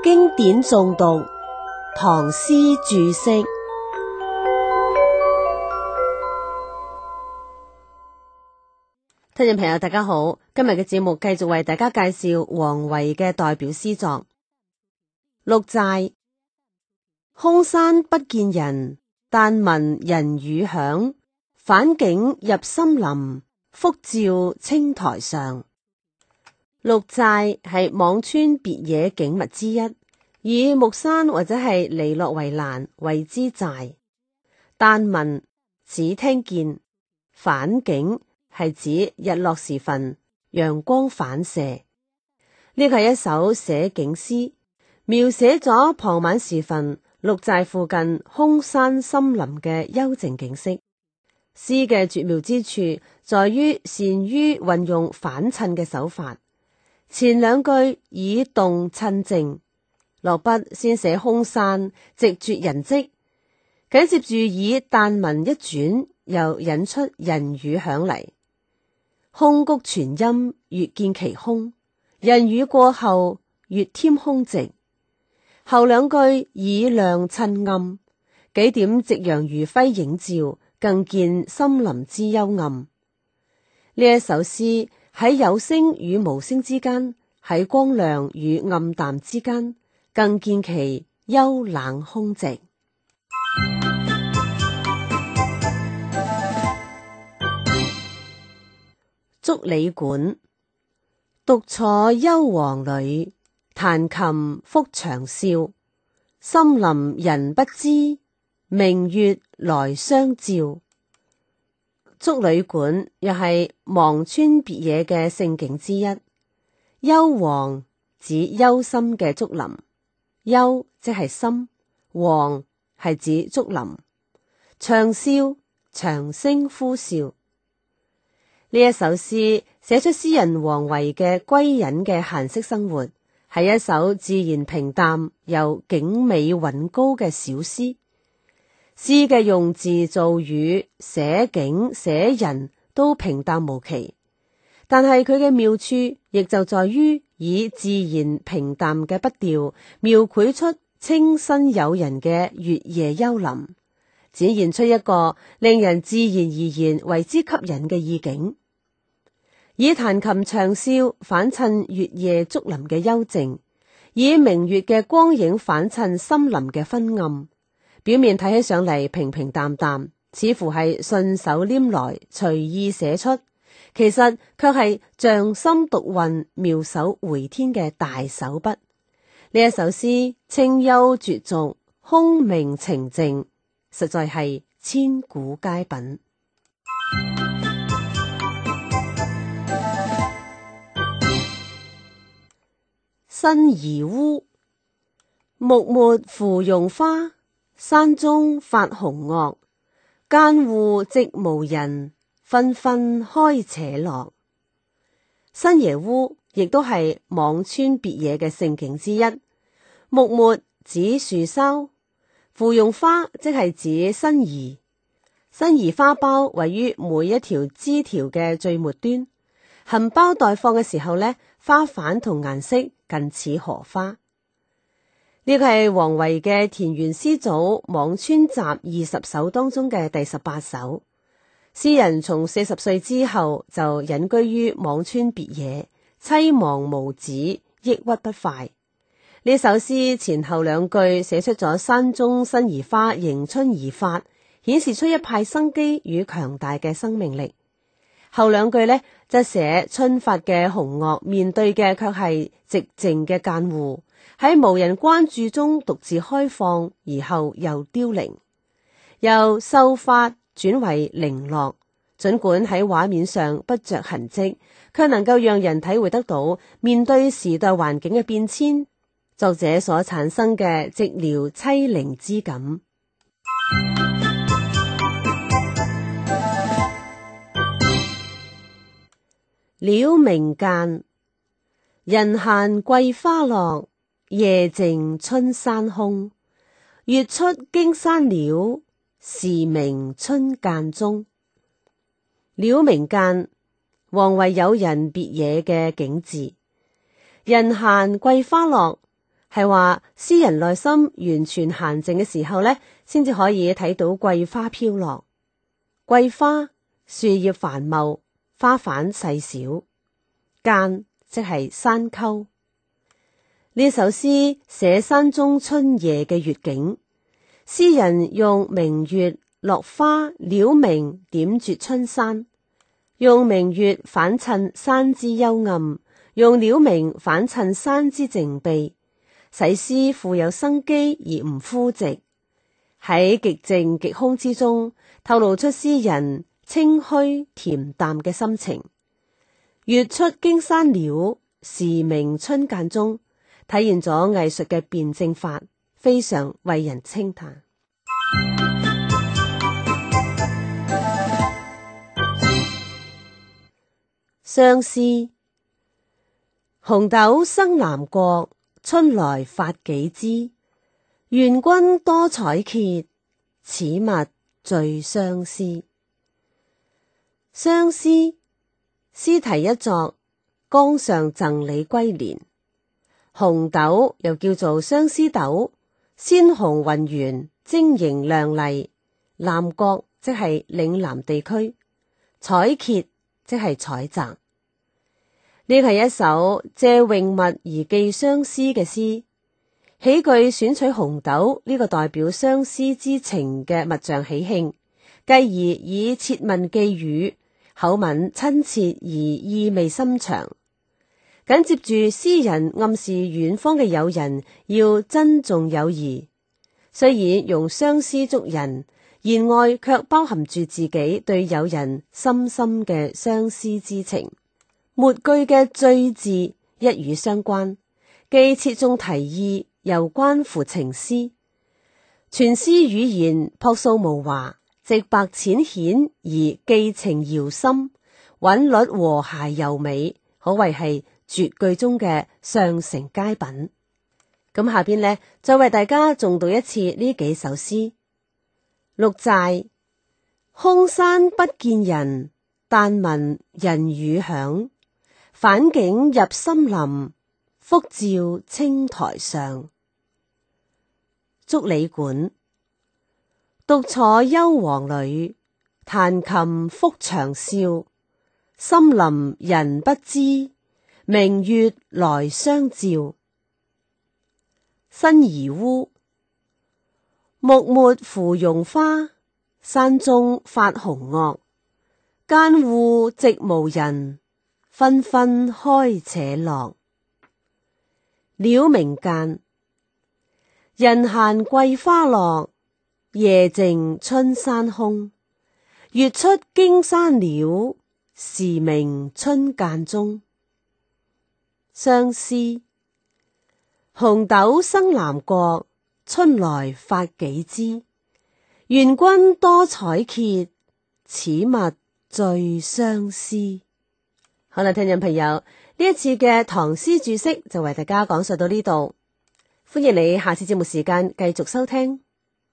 經典誦讀，唐詩注釋。聽眾朋友，大家好，今日嘅節目繼續為大家介紹王維嘅代表詩作《鹿柴》空山不見人，但聞人語響，返景入深林，復照青苔上。鹿寨係輞川別野景物之一，以木山或者係籬落為欄為之寨。但聞只聽見返景，係指日落時分陽光反射。呢個係一首寫景詩，描寫咗傍晚時分鹿寨附近空山森林嘅幽靜景色。詩嘅絕妙之處在於善於運用反襯嘅手法。前兩句以動襯靜，落筆先寫空山寂絕人迹，緊接住以但聞一轉，又引出人語響嚟，空谷傳音，越見其空；人語過後，越添空寂。後兩句以亮襯暗，幾點夕陽餘暉映照，更見森林之幽暗。呢一首詩。喺有聲與無聲之間，喺光亮與暗淡之間，更見其幽冷空寂。竹里館，獨坐幽篁裏，彈琴復長嘯。深林人不知，明月來相照。竹里館又係辋川別業嘅勝景之一。幽篁指幽深嘅竹林，幽即係深，篁係指竹林。長嘯長聲呼嘯。呢一首詩寫出詩人王維嘅歸隱嘅閒適生活，係一首自然平淡又景美韻高嘅小詩。詩嘅用字造語，寫景寫人都平淡無奇，但係佢嘅妙處亦就在於以自然平淡嘅筆調，描繪出清新誘人嘅月夜幽林，展現出一個令人自然而然為之吸引嘅意境。以彈琴長嘯反襯月夜竹林嘅幽靜，以明月嘅光影反襯森林嘅昏暗。表面睇起上嚟平平淡淡，似乎係順手拈來，隨意寫出，其實卻係匠心獨運，妙手回天嘅大手筆。呢一首詩清幽絕俗、空明澄淨，實在係千古佳品。辛夷塢，木末芙蓉花。山中發紅萼，澗戶寂無人，紛紛開且落。辛夷塢亦都係輞川別業嘅盛景之一。木末指樹梢，芙蓉花即係指辛夷。辛夷花苞位於每一條枝條嘅最末端，含苞待放嘅時候呢，花瓣同顏色近似荷花。呢個係王維嘅田園詩組《輞川集》二十首當中嘅第十八首。詩人從四十歲之後就隱居於輞川別野，妻亡無子，抑鬱不快。呢首詩前後兩句寫出咗山中辛夷花迎春而發，顯示出一派生機與強大嘅生命力。後兩句呢，則寫春發嘅紅萼面對嘅卻係寂靜嘅澗戶。喺無人關注中獨自開放，而後又凋零，由秀發轉為零落。盡管喺畫面上不着痕迹，卻能夠讓人體會得到面對時代環境嘅變遷，作者所產生嘅寂寥凄零之感。鳥鳴澗，人閒桂花落。夜靜春山空，月出驚山鳥，時鳴春澗中。鳥鳴澗，王維友人別野嘅景致。人閒桂花落，係話詩人內心完全閒靜嘅時候咧，先至可以睇到桂花飄落。桂花樹葉繁茂，花瓣細小，澗即係山溝。呢首詩寫山中春夜嘅月景，詩人用明月、落花、鳥鳴點綴春山，用明月反襯山之幽暗，用鳥鳴反襯山之靜謐，使詩富有生機而唔枯寂。喺極靜極空之中，透露出詩人清虛恬淡嘅心情。月出驚山鳥，時鳴春澗中。體現咗藝術嘅辯證法，非常為人稱嘆。相思，紅豆生南國，春來發幾枝。願君多採擷，此物最相思。相思，詩題一作《江上贈李龜年》。紅豆又叫做相思豆，鮮紅渾圓，晶瑩亮麗。南國即係嶺南地區，采擷即係採摘。呢係一首借詠物而寄相思嘅詩，起句選取紅豆呢個代表相思之情嘅物象起興，繼而以設問寄語，口吻親切而意味深長。緊接住，詩人暗示遠方嘅友人要珍重友誼，雖然用相思捉人，言外卻包含住自己對友人深深嘅相思之情。末句嘅「最」字一語雙關，既切中題意，又關乎情思。全詩語言朴素無華，直白淺顯而寄情遙深，韻律和諧又美，可謂係。絕句中嘅上乘佳品。咁下邊呢，再為大家誦讀一次呢幾首詩。鹿柴空山不見人，但聞人語響，返景入深林，復照青苔上。竹里館獨坐幽篁裏，彈琴復長嘯，深林人不知。明月來相照。辛夷塢，木末芙蓉花。山中發紅萼，澗戶寂無人，紛紛開且落。鳥鳴澗，人閒桂花落，夜靜春山空。月出驚山鳥，時鳴春澗中。相思。紅豆生南國，春來發幾枝。願君多採擷，此物最相思。好啦，聽眾朋友，呢一次嘅唐詩注釋就為大家講述到呢度，歡迎你下次節目時間繼續收聽。